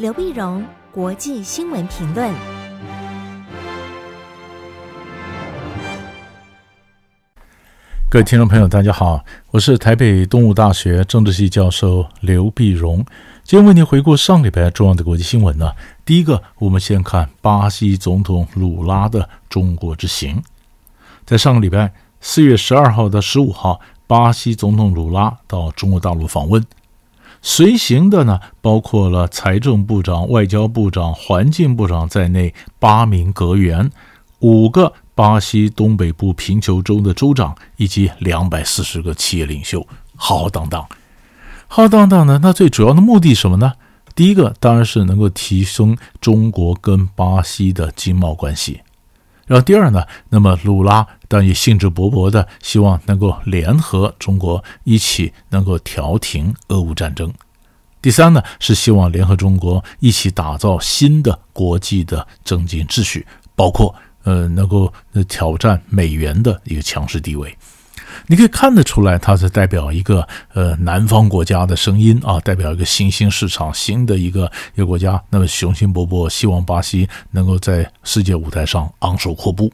劉必榮，國際新聞評論。各位聽眾朋友，大家好，我是台北東吳大學政治系教授劉必榮，今天為您回顧上禮拜重要的國際新聞呢。第一個，我們先看巴西總統魯拉的中國之行。在上個禮拜四月十二號到十五號，巴西總統魯拉到中國大陸訪問。隨行的呢，包括了財政部長、外交部長、環境部長在內八名閣員，五個巴西東北部貧窮州的州長，以及兩百四十個企業領袖，浩浩蕩蕩。浩浩蕩蕩的，那最主要的目的是什麼呢？第一個當然是能夠提升中國跟巴西的經貿關係。然後第二呢，那麼魯拉但也興致勃勃的希望能夠聯合中國一起能夠調停俄烏戰爭。第三呢，是希望聯合中國一起打造新的國際的政經秩序，包括呃能夠挑戰美元的一個強勢地位。你可以看得出來，它是代表一個呃南方國家的聲音啊，代表一個新興市場、新的一個一個國家。那麼雄心勃勃，希望巴西能夠在世界舞台上昂首闊步。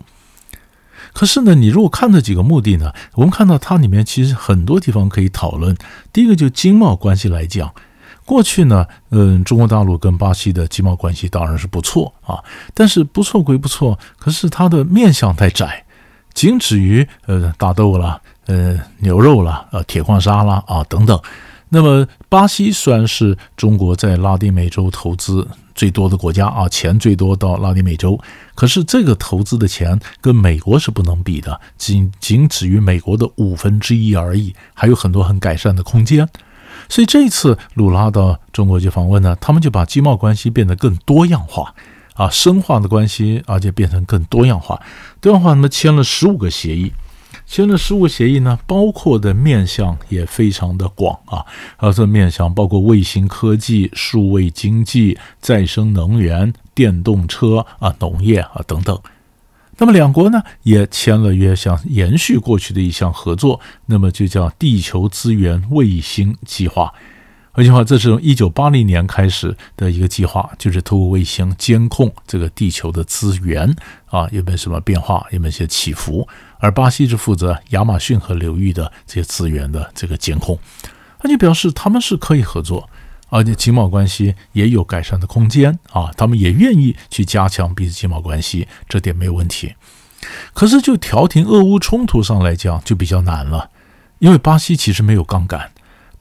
可是呢，你如果看這幾個目的呢，我們看到它裡面其實很多地方可以討論。第一個就經貿關係來講，過去呢，嗯，中國大陸跟巴西的經貿關係當然是不錯啊，但是不錯歸不錯，可是它的面向太窄。僅止於呃大豆啦，呃牛肉啦，呃鐵礦砂啦啊等等。那麼巴西雖然是中國在拉丁美洲投資最多的國家啊，錢最多到拉丁美洲，可是這個投資的錢跟美國是不能比的，僅僅止於美國的五分之一而已，還有很多很改善的空間。所以這一次魯拉到中國去訪問呢，他們就把經貿關係變得更多樣化。啊，深化的關係，而、啊、且變成更多樣化。多樣化呢，簽了十五個協議，簽了十五個協議呢，包括的面向也非常的廣啊。它、啊、這面向包括衛星科技、數位經濟、再生能源、電動車啊、農業啊等等。那麼兩國呢也簽了約，想延續過去的一項合作，那麼就叫地球資源衛星計劃。而且話這是從一九八零年開始的一個計劃，就是通過衛星監控這個地球的資源啊，有沒有什麼變化，有沒有些起伏。而巴西是負責亞馬遜河流域的這些資源的這個監控，那就表示他們是可以合作，而且經貿關係也有改善的空間啊，他們也願意去加強彼此經貿關係，這點沒有問題。可是就調停俄烏，烏衝突上來講就比較難了，因為巴西其實沒有槓桿。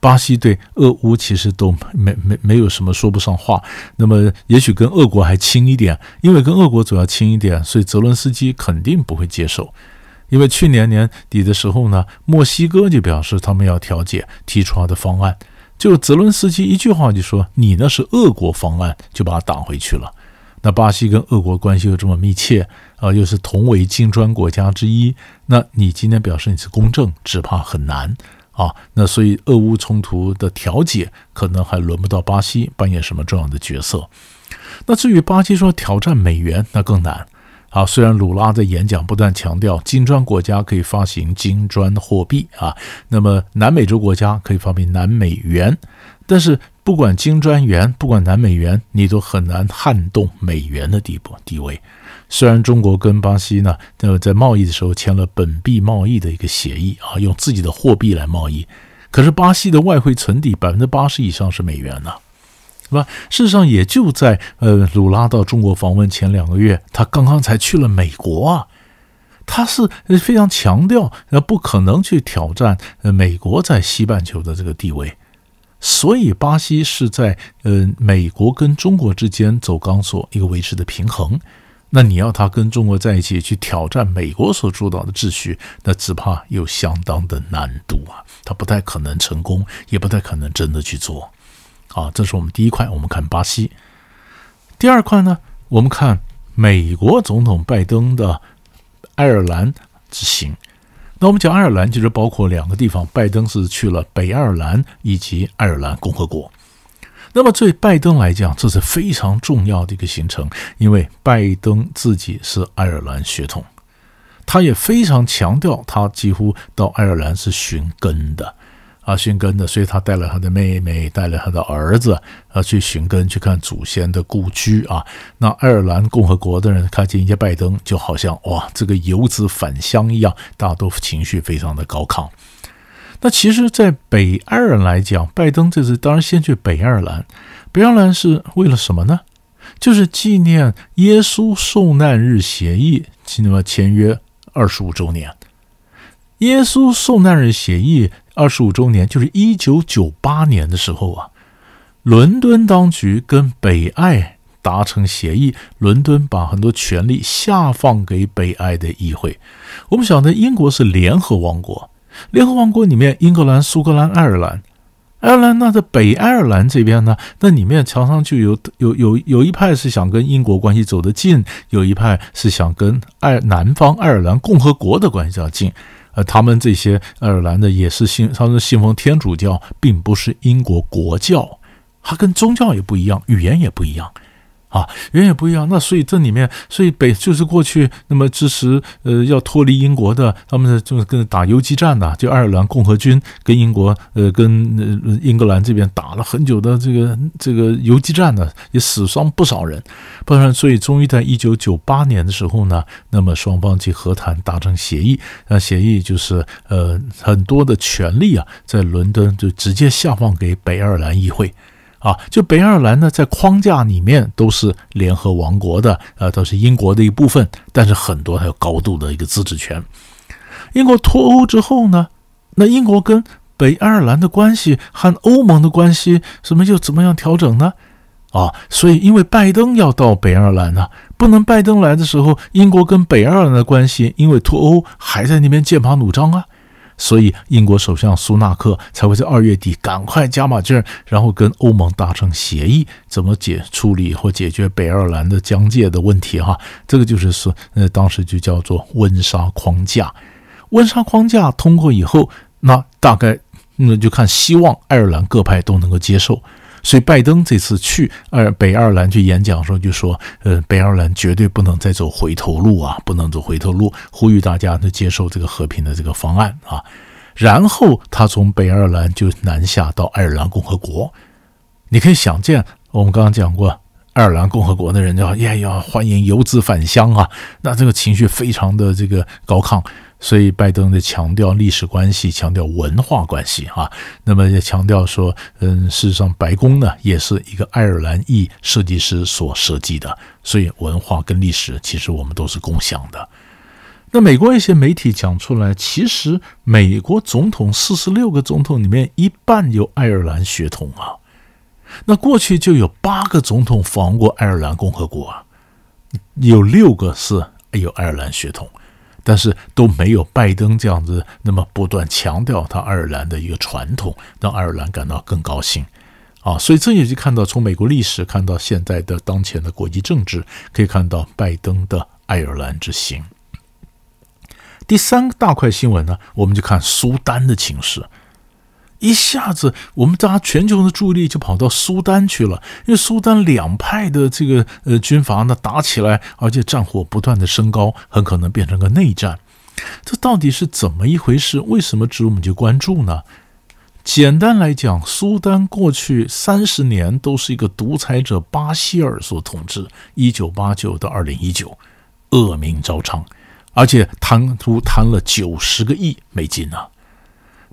巴西對俄烏其實都沒沒沒有什麼，說不上話，那麼也許跟俄國還親一點，因為跟俄國總要親一點，所以澤倫斯基肯定不會接受。因為去年年底的時候呢，墨西哥就表示他們要調解，提出他的方案，就澤倫斯基一句話就說，你那是俄國方案，就把他擋回去了。那巴西跟俄國關係又這麼密切，啊、呃，又是同為金磚國家之一，那你今天表示你是公正，只怕很難。啊，那所以俄烏衝突的調解可能還輪不到巴西扮演什麼重要的角色。那至於巴西說挑戰美元，那更難。啊，雖然魯拉的演講不斷強調金磚國家可以發行金磚貨幣啊，那麼南美洲國家可以發行南美元，但是不管金磚元，不管南美元，你都很難撼動美元的地步地位。雖然中國跟巴西呢，呃，在貿易的時候簽了本幣貿易的一個協議啊，用自己的貨幣來貿易，可是巴西的外匯存底百分之八十以上是美元呢，啊，是吧？事實上也就在呃，魯拉到中國訪問前兩個月，他剛剛才去了美國啊，他是非常強調呃，不可能去挑戰美國在西半球的這個地位，所以巴西是在呃，美國跟中國之間走鋼索，一個維持的平衡。那，你要他跟中國在一起去挑戰美國所主導的秩序，那只怕有相當的難度啊，他不太可能成功，也不太可能真的去做。好，啊，這是我們第一塊，我們看巴西。第二塊呢，我們看美國總統拜登的愛爾蘭之行。那我們講愛爾蘭，就是包括兩個地方，拜登是去了北愛爾蘭以及愛爾蘭共和國。那麼對拜登來講，這是非常重要的一個行程，因為拜登自己是愛爾蘭血統，他也非常強調他幾乎到愛爾蘭是尋根的啊，尋根的，所以他帶了他的妹妹，帶了他的兒子啊去尋根，去看祖先的故居啊。那愛爾蘭共和國的人看見一些拜登，就好像哇，這個遊子返鄉一樣，大多情緒非常的高亢。那其實，在北愛爾蘭來講，拜登這次當然先去北愛爾蘭。北愛爾蘭是為了什麼呢？就是紀念《耶穌受難日協議》那麼簽約二十五周年。《耶穌受難日協議》二十五周年就是一九九八年的時候啊，倫敦當局跟北愛達成協議，倫敦把很多權力下放給北愛的議會。我們曉得，英國是聯合王國。聯合王國裡面，英格蘭、蘇格蘭、愛爾蘭，愛爾蘭那在北愛爾蘭這邊呢，那裡面常常就有有有有一派是想跟英國關係走得近，有一派是想跟愛南方愛爾蘭共和國的關係較近。呃，他們這些愛爾蘭的也是信，他們信奉天主教，並不是英國國教，它跟宗教也不一樣，語言也不一樣。啊，遠遠不一樣。那所以這裡面，所以北就是過去那麼支持呃要脫離英國的，他們的就是跟打游擊戰的、啊，就愛爾蘭共和軍跟英國呃跟呃英格蘭這邊打了很久的這個這個游擊戰呢、啊，也死傷不少人。不然，所以終於在一九九八年的時候呢，那麼雙方就和談達成協議，那協議就是呃很多的權力啊，在倫敦就直接下放給北愛爾蘭議會。啊，就北愛爾蘭呢，在框架裡面都是聯合王國的，呃、啊，都是英國的一部分，但是很多還有高度的一個自治權。英國脫歐之後呢，那英國跟北愛爾蘭的關係和歐盟的關係，什麼又怎麼樣調整呢？啊，所以因為拜登要到北愛爾蘭呢、啊，不能拜登來的時候，英國跟北愛爾蘭的關係，因為脫歐還在那邊劍拔弩張啊。所以，英國首相蘇納克才會在二月底趕快加把勁，然後跟歐盟達成協議，怎麼解處理或解決北愛爾蘭的疆界的問題啊。哈，這個就是說，呃，當時就叫做溫莎框架。溫莎框架通過以後，那大概那、嗯、就看希望愛爾蘭各派都能夠接受。所以拜登這次去北愛北愛爾蘭去演講，說就說，呃，北愛爾蘭絕對不能再走回頭路啊，不能走回頭路，呼籲大家呢接受這個和平的這個方案啊。然後他從北愛爾蘭就南下到愛爾蘭共和國，你可以想見，我們剛剛講過，愛爾蘭共和國的人叫“哎呀，歡迎游子返鄉”啊，那這個情緒非常的這個高亢。所以拜登在強調歷史關係，強調文化關係啊。那麼也強調說，嗯，事實上白宮呢也是一個愛爾蘭裔設計師所設計的。所以文化跟歷史其實我們都是共享的。那美國一些媒體講出來，其實美國總統四十六個總統裡面一半有愛爾蘭血統啊。那過去就有八個總統訪問過愛爾蘭共和國，有六個是有愛爾蘭血統。但是都沒有拜登這樣子那麼不斷強調他愛爾蘭的一個傳統，讓愛爾蘭感到更高興，啊，所以這也就看到從美國歷史看到現在的當前的國際政治，可以看到拜登的愛爾蘭之行。第三個大塊新聞呢，我們就看蘇丹的情勢。一下子，我們大家全球的注意力就跑到蘇丹去了，因為蘇丹兩派的這個呃軍閥呢打起來，而且戰火不斷的升高，很可能變成個內戰。這到底是怎麼一回事？為什麼值得我們去關注呢？簡單來講，蘇丹過去三十年都是一個獨裁者巴希爾所統治，一九八九到二零一九，惡名昭彰，而且貪污貪了九十個億美金呢、啊。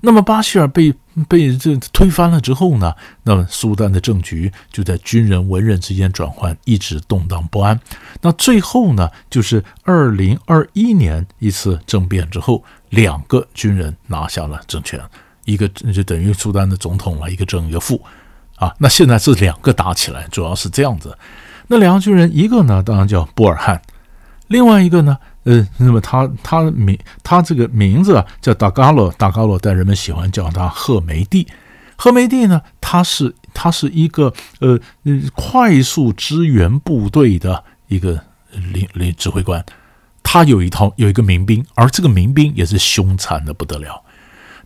那麼巴希爾被被這推翻了之後呢，那麼蘇丹的政局就在軍人文人之間轉換，一直動盪不安。那最後呢，就是二零二一年一次政變之後，兩個軍人拿下了政權，一個就等於蘇丹的總統了，一個正一個副，啊，那現在是兩個打起來，主要是這樣子。那兩個軍人，一個呢當然叫柏罕，另外一個呢？嗯、呃，那麼他他，他名他這個名字啊叫達加洛、達加洛，但人們喜歡叫他赫梅蒂。赫梅蒂呢，他是他是一個呃呃快速支援部隊的一個領領指揮官，他有一套有一個民兵，而這個民兵也是兇殘的不得了。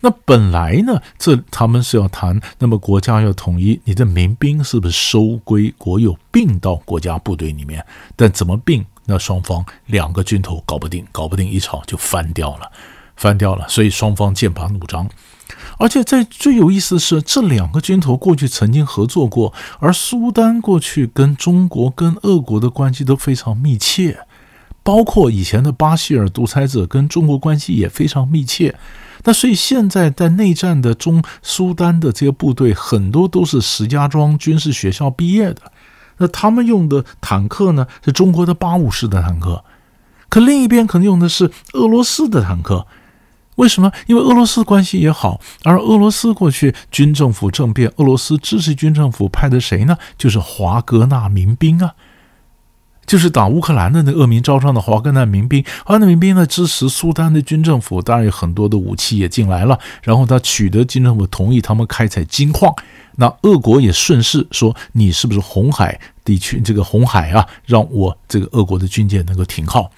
那本來呢，這他們是要談，那麼國家要統一，你的民兵是不是收歸國有，併到國家部隊裡面？但怎麼併？那雙方兩個軍頭搞不定，搞不定一吵就翻掉了，翻掉了，所以雙方劍拔弩張。而且在最有意思的是，這兩個軍頭過去曾經合作過，而蘇丹過去跟中國、跟俄國的關係都非常密切，包括以前的巴希爾獨裁者跟中國關係也非常密切。那所以現在在內戰的中蘇丹的這些部隊，很多都是石家莊軍事學校畢業的。那他們用的坦克呢？是中國的八五式的坦克，可另一邊可能用的是俄羅斯的坦克。為什麼？因為俄羅斯關係也好，而俄羅斯過去軍政府政變，俄羅斯支持軍政府派的誰呢？就是華格納民兵啊。就是打烏克蘭的那惡名昭彰的華格納民兵，華格納民兵呢，支持蘇丹的軍政府，當然有很多的武器也進來了。然後他取得軍政府同意，他們開採金礦。那俄國也順勢說：“你是不是紅海地區這個紅海啊？讓我這個俄國的軍艦能夠停靠。”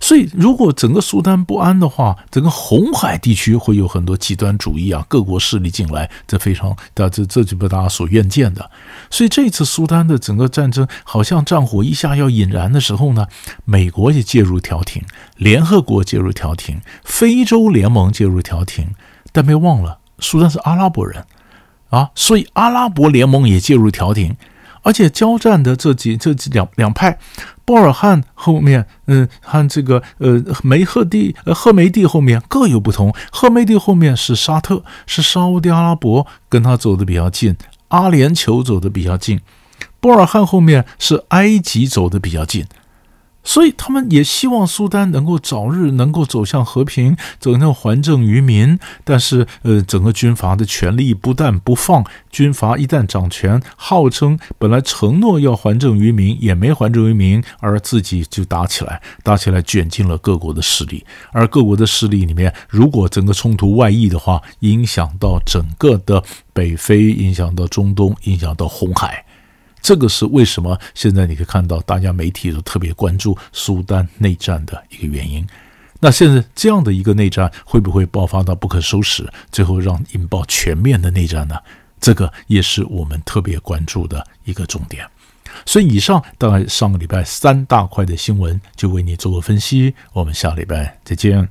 所以，如果整個蘇丹不安的話，整個紅海地區會有很多極端主義啊，各國勢力進來，這非常大，這這就不大家所願見的。所以這次蘇丹的整個戰爭，好像戰火一下要引燃的時候呢，美國也介入調停，聯合國介入調停，非洲聯盟介入調停，但別忘了，蘇丹是阿拉伯人啊，所以阿拉伯聯盟也介入調停。而且交戰的這幾這幾兩兩派，波爾漢後面，嗯、呃，和這個呃梅赫蒂，呃赫梅蒂後面各有不同。赫梅蒂後面是沙特，是沙烏地阿拉伯跟他走的比較近，阿聯酋走的比較近。波爾漢後面是埃及走的比較近。所以他們也希望蘇丹能夠早日能夠走向和平，走向還政於民，但是，呃，整個軍閥的權力不但不放，軍閥一旦掌權，號稱本來承諾要還政於民，也沒還政於民，而自己就打起來，打起來捲進了各國的勢力。而各國的勢力裡面，如果整個衝突外溢的話，影響到整個的北非，影響到中東，影響到紅海。這個是為什麼現在你可以看到大家媒體都特別關注蘇丹內戰的一個原因。那現在這樣的一個內戰會不會爆發到不可收拾，最後讓引爆全面的內戰呢？這個也是我們特別關注的一個重點。所以以上，當然上個禮拜三大塊的新聞就為你做個分析，我們下禮拜再見。